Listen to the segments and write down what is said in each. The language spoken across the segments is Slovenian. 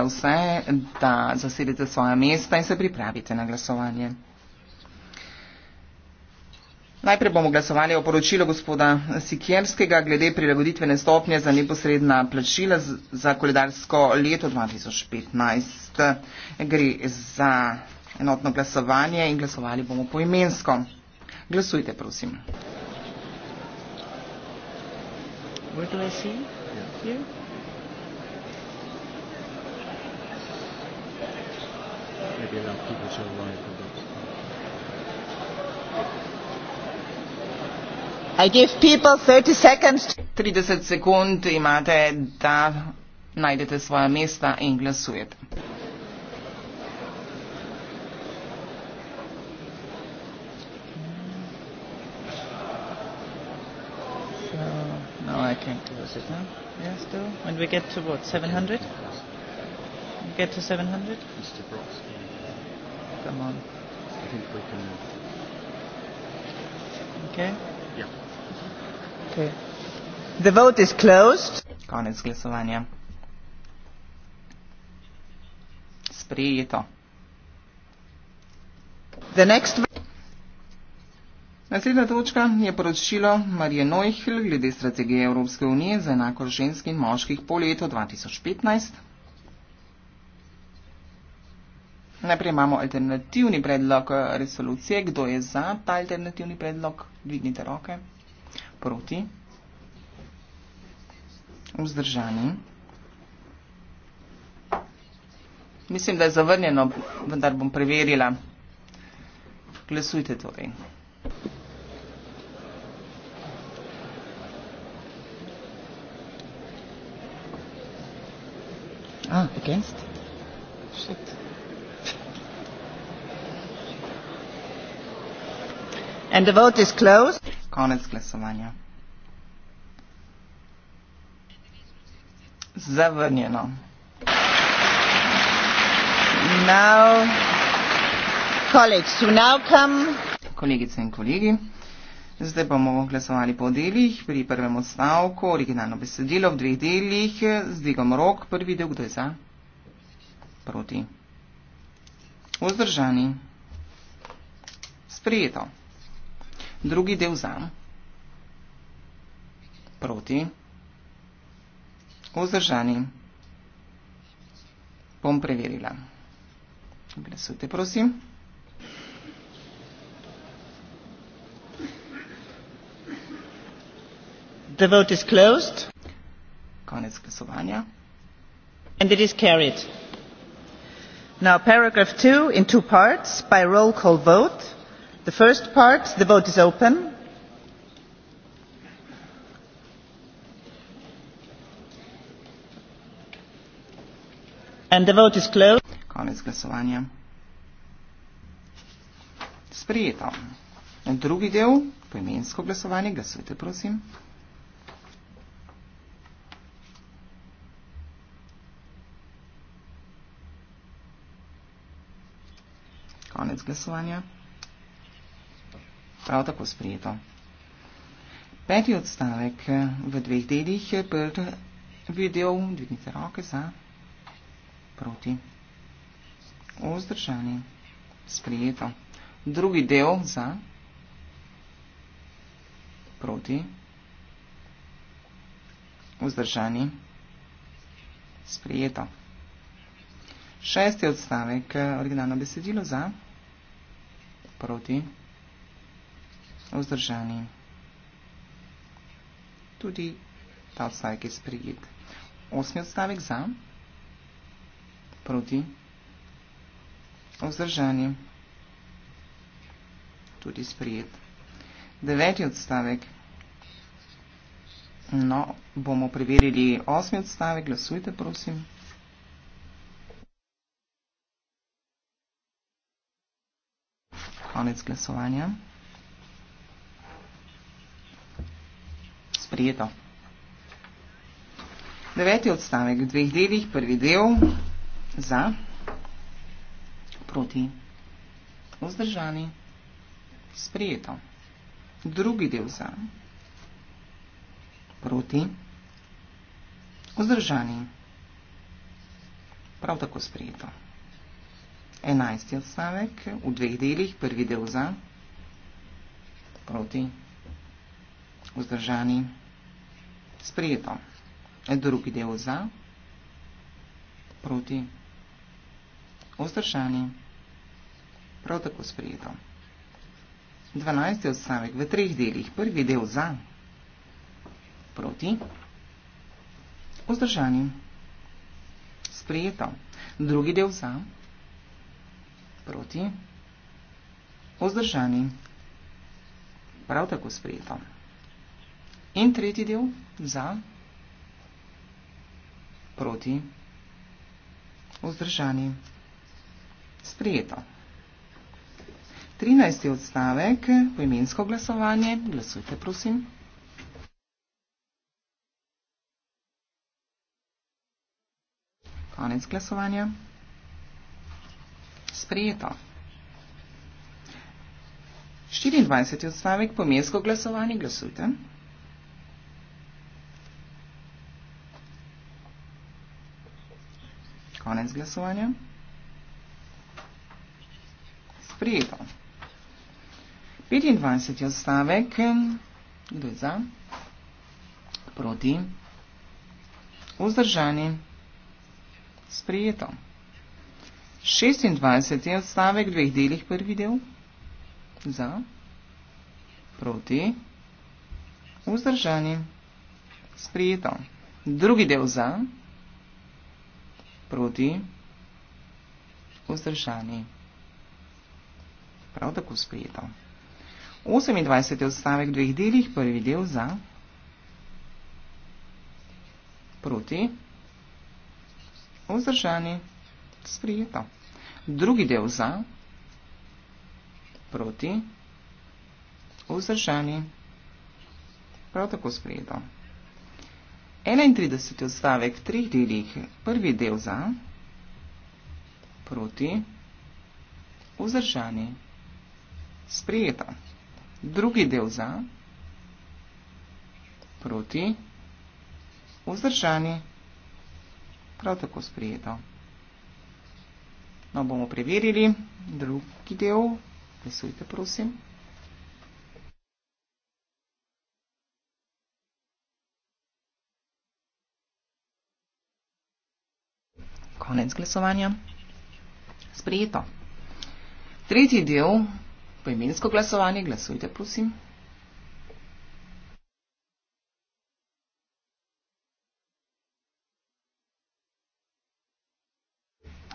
na vse, da zasedete svoja mesta in se pripravite na glasovanje. Najprej bomo glasovali o poročilu gospoda Sikjerskega glede prilagoditvene stopnje za neposredna plačila za koledarsko leto 2015. Gre za enotno glasovanje in glasovali bomo poimensko. Glasujte, prosim. Where do I see? Yeah. Here? get it out people show life and that's I give people 30 seconds. 30 sekund imate, da najdete svoje mesta in glasujete. So, now I can close it. Huh? Yeah, still. When we get to what, 700? We get to 700? Mr. Brock's game come on. I think we can. Okay? Yeah. Okay. The vote is closed. Konec glasovanja. Sprijeto. The next. Naslednja točka je poročilo Marije Neuhl glede strategije Evropske unije za enako ženskih in moških po letu 2015. Najprej imamo alternativni predlog eh, resolucije. Kdo je za ta alternativni predlog? Dvignite roke. Proti. Vzdržani. Mislim, da je zavrnjeno, vendar bom preverila. Glasujte torej. Ah, against? Shit. And the vote is closed. Konec glasovanja. Zavrnjeno. Now, colleagues, now come. Kolegice in kolegi, zdaj bomo glasovali po delih. Pri prvem odstavku, originalno besedilo v dveh delih, z dvigom rok, prvi del, kdo je za? Proti. Vzdržani. Sprijeto drugi del zam proti vzdržani. Bom preverila. Glasujte, prosim. The vote is closed. Konec glasovanja. And it is carried. Now paragraph two in two parts by roll call vote the first part the vote is open and the vote is closed konec glasovanja sprejeto in drugi del poimensko glasovanje glasujte prosim konec glasovanja prav tako sprejeto. Peti odstavek v dveh delih je prd videl, dvignite roke za, proti, ozdržani, sprejeto. Drugi del za, proti, ozdržani, sprejeto. Šesti odstavek, originalno besedilo za, proti, ozdržani vzdržani. Tudi ta odstavek je sprijet. Osmi odstavek za, proti, vzdržani. Tudi sprijet. Deveti odstavek. No, bomo preverili osmi odstavek. Glasujte, prosim. Konec glasovanja. sprijeto. Deveti odstavek v dveh delih, prvi del za, proti, vzdržani, sprijeto. Drugi del za, proti, vzdržani, prav tako sprijeto. Enajsti odstavek v dveh delih, prvi del za, proti, vzdržani, sprijeto sprejeto. Drugi del za, proti, vzdržani, prav tako sprejeto. 12. odstavek v treh delih. Prvi del za, proti, vzdržani, sprejeto. Drugi del za, proti, vzdržani, prav tako sprejeto. In tretji del za proti vzdržani. Sprijeto. 13. odstavek, poimensko glasovanje. Glasujte, prosim. Konec glasovanja. Sprijeto. 24. odstavek, poimensko glasovanje. Glasujte. Glasujte. Konec glasovanja. Sprejeto. 25. odstavek. Kdo je za? Proti. Vzdržani. Sprejeto. 26. odstavek dveh delih prvi del. Za. Proti. Vzdržani. Sprejeto. Drugi del za. Za proti vzdržani. Prav tako sprejeto. 28. odstavek v dveh delih, prvi del za proti vzdržani sprejeto. Drugi del za proti vzdržani prav tako sprejeto. 31. odstavek v treh delih, prvi del za, proti, vzdržani, sprijeta. Drugi del za, proti, vzdržani, prav tako sprijeta. No, bomo preverili drugi del, glasujte prosim. Konec glasovanja. Sprejeto. Tretji del, poimensko glasovanje, glasujte, prosim.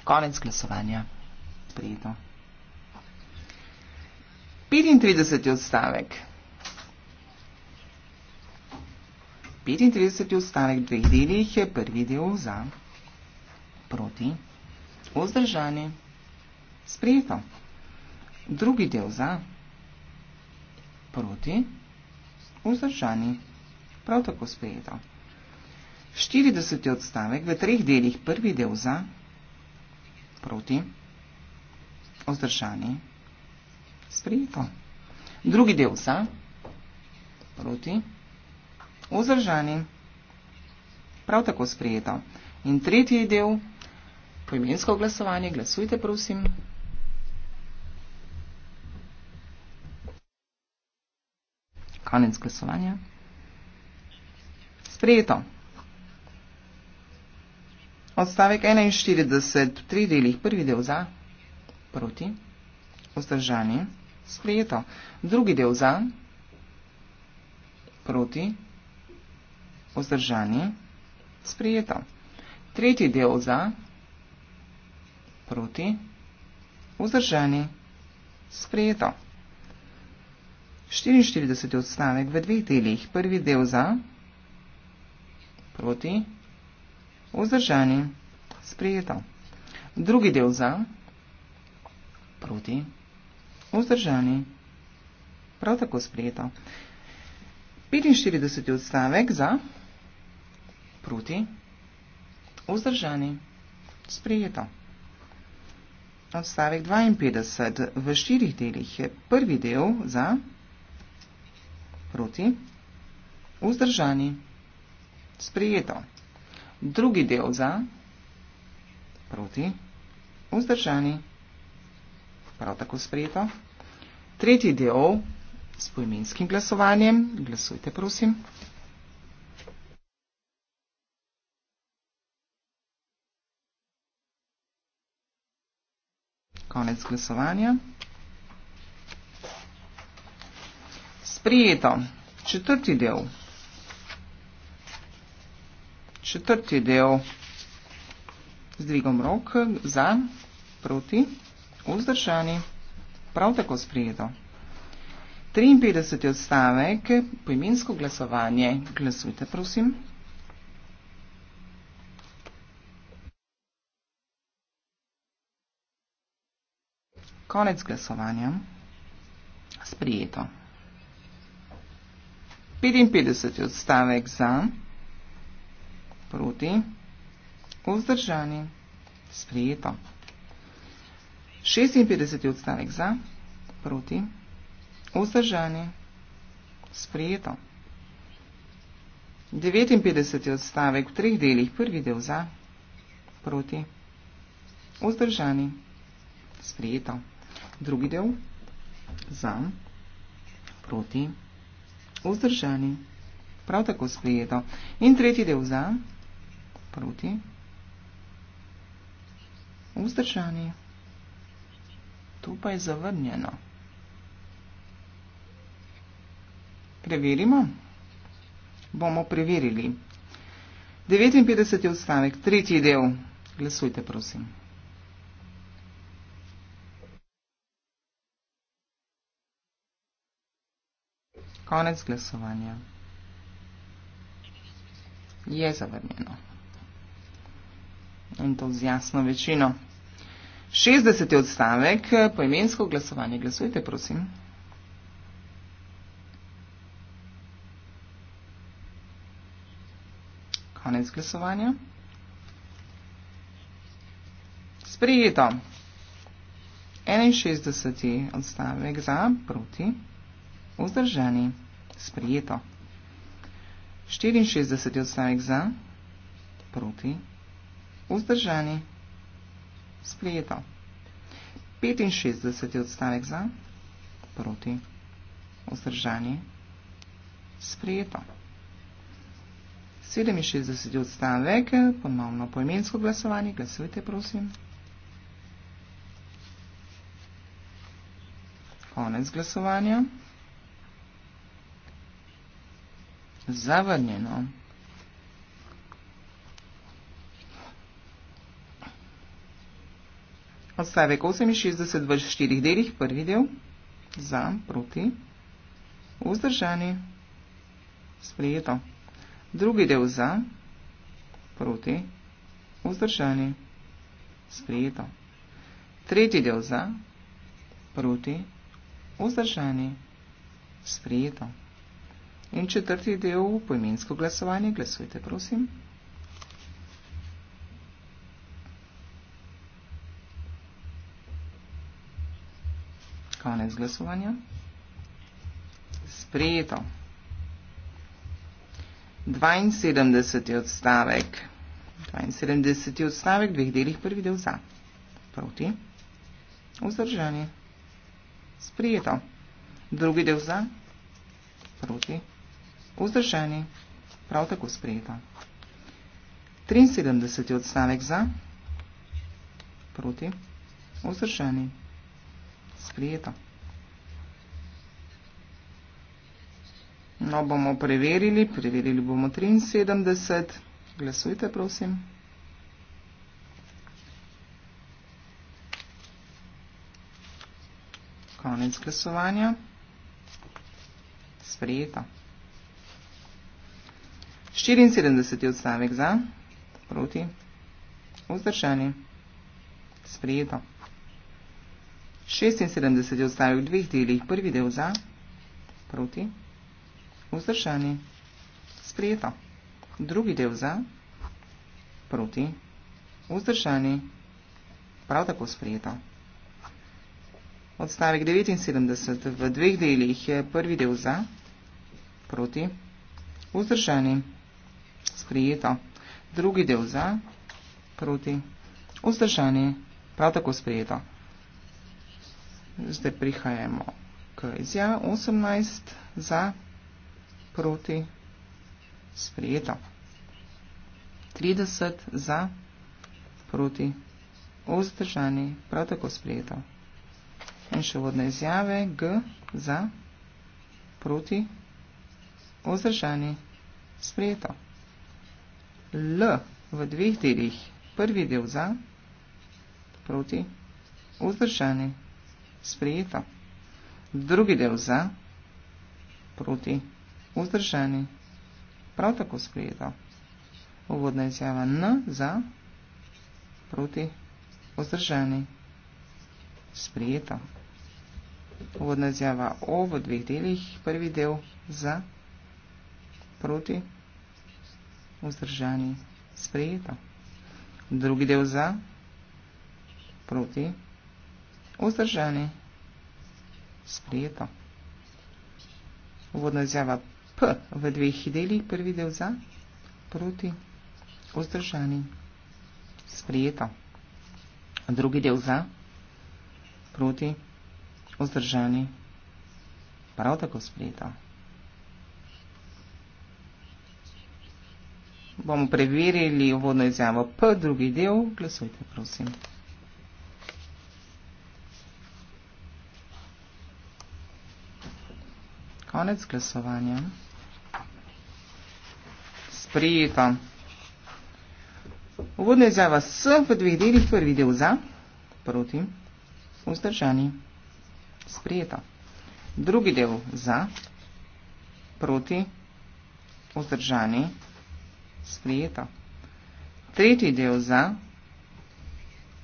Konec glasovanja. Sprejeto. 35. odstavek. 35. odstavek v dveh delih je prvi del za proti, vzdržani, sprijeto. Drugi del za, proti, vzdržani, prav tako sprijeto. 40. odstavek v treh delih prvi del za, proti, vzdržani, sprijeto. Drugi del za, proti, vzdržani, prav tako sprijeto. In tretji del za, poimensko glasovanje. Glasujte, prosim. Konec glasovanja. Sprejeto. Odstavek 41 v tri delih. Prvi del za, proti, vzdržani. Sprejeto. Drugi del za, proti, vzdržani. Sprejeto. Tretji del za, proti, vzdržani, sprejeto. 44. odstavek v dveh delih. Prvi del za, proti, vzdržani, sprejeto. Drugi del za, proti, vzdržani, prav tako sprejeto. 45. odstavek za, proti, vzdržani, sprejeto odstavek 52 v štirih delih je prvi del za proti vzdržani sprijeto. Drugi del za proti vzdržani prav tako sprijeto. Tretji del s poimenskim glasovanjem. Glasujte, prosim. konec glasovanja. Sprijeto. Četrti del. Četrti del. Z dvigom rok za, proti, vzdržani. Prav tako sprijeto. 53. odstavek, poimensko glasovanje. Glasujte, prosim. konec glasovanja. Sprijeto. 55 odstavek za, proti, vzdržani, sprijeto. 56 odstavek za, proti, vzdržani, sprijeto. 59 odstavek v treh delih, prvi del za, proti, vzdržani, sprijeto drugi del za, proti, vzdržani, prav tako sprejeto. In tretji del za, proti, vzdržani, tu pa je zavrnjeno. Preverimo? Bomo preverili. 59. odstavek, tretji del. Glasujte, prosim. Konec glasovanja. Je zavrnjeno. In to z jasno večino. 60. odstavek, poimensko glasovanje. Glasujte, prosim. Konec glasovanja. Sprijeto. 61. odstavek za proti vzdržani, sprijeto. 64 odstavek za, proti, vzdržani, sprijeto. 65 odstavek za, proti, vzdržani, sprijeto. 67 odstavek, ponovno poimensko glasovanje, glasujte prosim. Konec glasovanja. zavrnjeno. Odstavek 68 v štirih delih, prvi del, za, proti, vzdržani, sprejeto. Drugi del za, proti, vzdržani, sprejeto. Tretji del za, proti, vzdržani, sprejeto. In četrti del, poimensko glasovanje, glasujte prosim. Konec glasovanja. Sprejeto. 72. odstavek. 72. odstavek, dveh delih, prvi del za. Proti. Vzdržanje. Sprejeto. Drugi del za. Proti. Proti vzdrženi, prav tako sprejeta. 73. odstavek za, proti, vzdrženi, sprejeta. No, bomo preverili, preverili bomo 73, glasujte prosim. Konec glasovanja, sprejeta. 74. odstavek za, proti, vzdržani, sprejeto. 76. odstavek v dveh delih, prvi del za, proti, vzdržani, sprejeto. Drugi del za, proti, vzdržani, prav tako sprejeto. Odstavek 79. v dveh delih je prvi del za, proti, vzdržani, sprejeto sprijeto. Drugi del za, proti, vzdržanje, prav tako sprijeto. Zdaj prihajamo k izjavi 18 za, proti, sprijeto. 30 za, proti, vzdržanje, prav tako sprijeto. In še vodne izjave g za, proti, vzdržanje, sprijeto. L v dveh delih. Prvi del za, proti, vzdržani, sprejeto. Drugi del za, proti, vzdržani, prav tako sprejeto. Uvodna izjava N za, proti, vzdržani, sprejeto. Uvodna izjava O v dveh delih. Prvi del za, proti, vzdržani vzdržani, sprejeto. Drugi del za, proti, vzdržani, sprejeto. Uvodna izjava P v dveh delih, prvi del za, proti, vzdržani, sprejeto. Drugi del za, proti, vzdržani, prav tako sprejeto. bomo preverili uvodno izjavo P, drugi del, glasujte prosim. Konec glasovanja. Sprijeto. Uvodna izjava S v dveh delih, prvi del za, proti, vzdržani. Sprijeto. Drugi del za, proti, vzdržani. Sprijeto sprijeto. Tretji del za,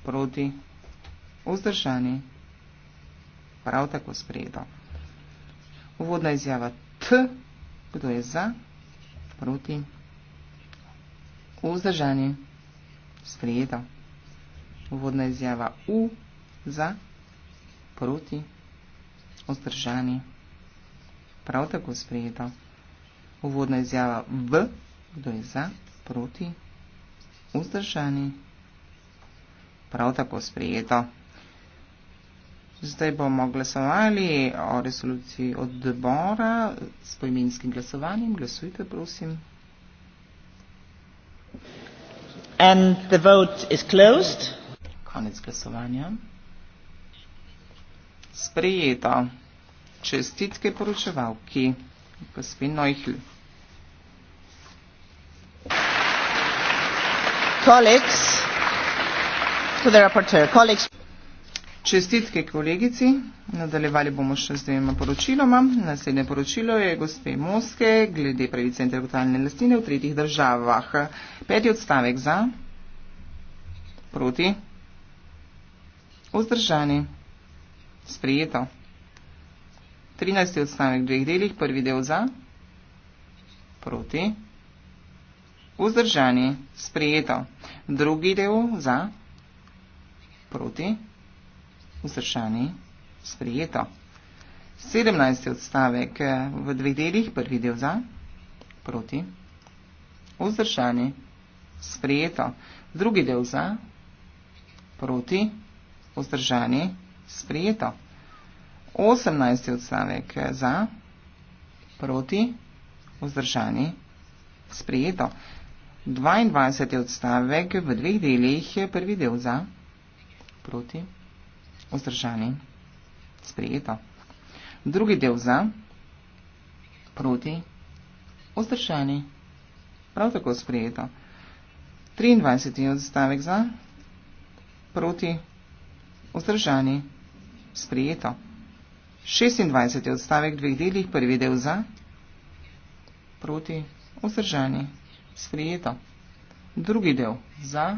proti, vzdržani, prav tako sprijeto. Uvodna izjava T, kdo je za, proti, vzdržani, sprijeto. Uvodna izjava U, za, proti, vzdržani, prav tako sprijeto. Uvodna izjava V, proti, vzdržani, sprijeto. Kdo je za, proti, vzdržani? Prav tako sprejeto. Zdaj bomo glasovali o resoluciji odbora s poimenskim glasovanjem. Glasujte, prosim. And the vote is closed. Konec glasovanja. Sprejeto. Čestitke poročevalki. Gospod Neuhl. Čestitke kolegici. Nadaljevali bomo še z dvema poročiloma. Naslednje poročilo je gospe Moske glede pravice intelektualne lastine v tretjih državah. Peti odstavek za. Proti. Vzdržani. Sprijeto. 13. odstavek v dveh delih. Prvi del za. Proti vzdržani, sprejeto. Drugi del za, proti, vzdržani, sprejeto. 17. odstavek v dveh delih, prvi del za, proti, vzdržani, sprejeto. Drugi del za, proti, vzdržani, sprejeto. 18. odstavek za, proti, vzdržani, sprejeto. 22. odstavek v dveh delih je prvi del za, proti, vzdržani, sprejeto. Drugi del za, proti, vzdržani, prav tako sprejeto. 23. odstavek za, proti, vzdržani, sprejeto. 26. odstavek dveh delih, prvi del za, proti, vzdržani, sprejeto sprejeto. Drugi del za,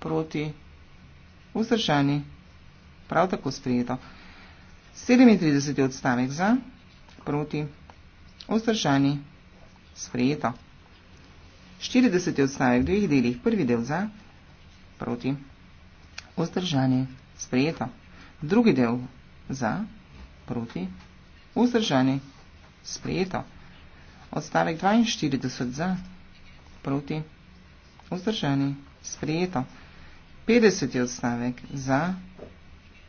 proti, vzdržani, prav tako sprejeto. 37. odstavek za, proti, vzdržani, sprejeto. 40. odstavek v dveh delih, prvi del za, proti, vzdržani, sprejeto. Drugi del za, proti, vzdržani, sprejeto. Odstavek 42 za, proti, vzdržani, sprejeto. 50 je odstavek za,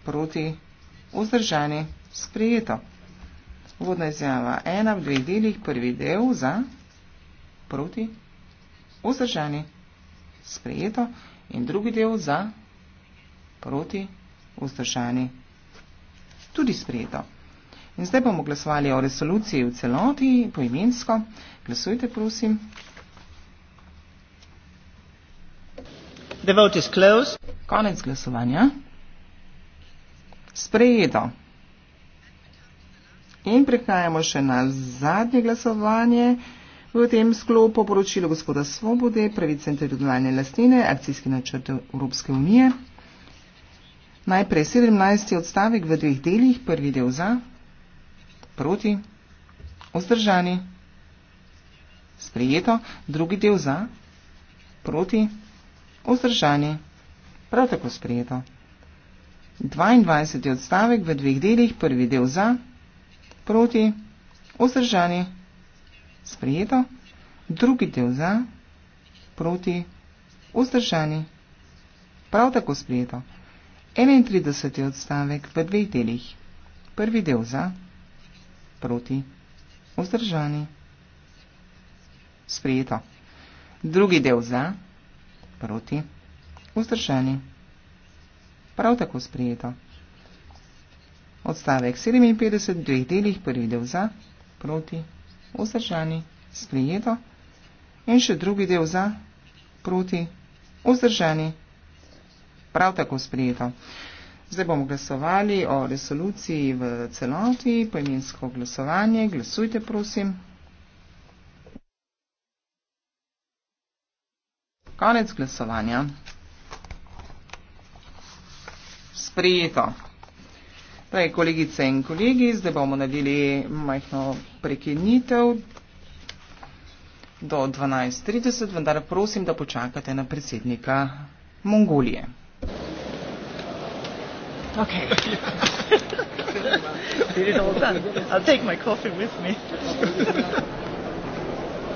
proti, vzdržani, sprejeto. Vodna izjava 1 v dveh delih, prvi del za, proti, vzdržani, sprejeto. In drugi del za, proti, vzdržani, tudi sprejeto. In zdaj bomo glasovali o resoluciji v celoti, poimensko. Glasujte, prosim. The vote is closed. Konec glasovanja. Sprejeto. In prehajamo še na zadnje glasovanje v tem sklopu poročilo gospoda Svobode, pravice in teritorijalne lastnine, akcijski načrte Evropske unije. Najprej 17. odstavek v dveh delih, prvi del za, proti, vzdržani, sprijeto, drugi del za, proti, vzdržani, prav tako sprijeto. 22. odstavek v dveh delih, prvi del za, proti, vzdržani, sprijeto, drugi del za, proti, vzdržani, prav tako sprijeto. 31. odstavek v dveh delih, prvi del za, proti, vzdržani, sprijeto proti, vzdržani. Sprijeto. Drugi del za, proti, vzdržani. Prav tako sprijeto. Odstavek 57, dveh delih, prvi del za, proti, vzdržani, sprijeto. In še drugi del za, proti, vzdržani. Prav tako sprijeto. Zdaj bomo glasovali o resoluciji v celoti, poimensko glasovanje. Glasujte, prosim. Konec glasovanja. Sprijeto. Torej, kolegice in kolegi, zdaj bomo naredili majhno prekinitev do 12.30, vendar prosim, da počakate na predsednika Mongolije. Okay. it is all done. I'll take my coffee with me.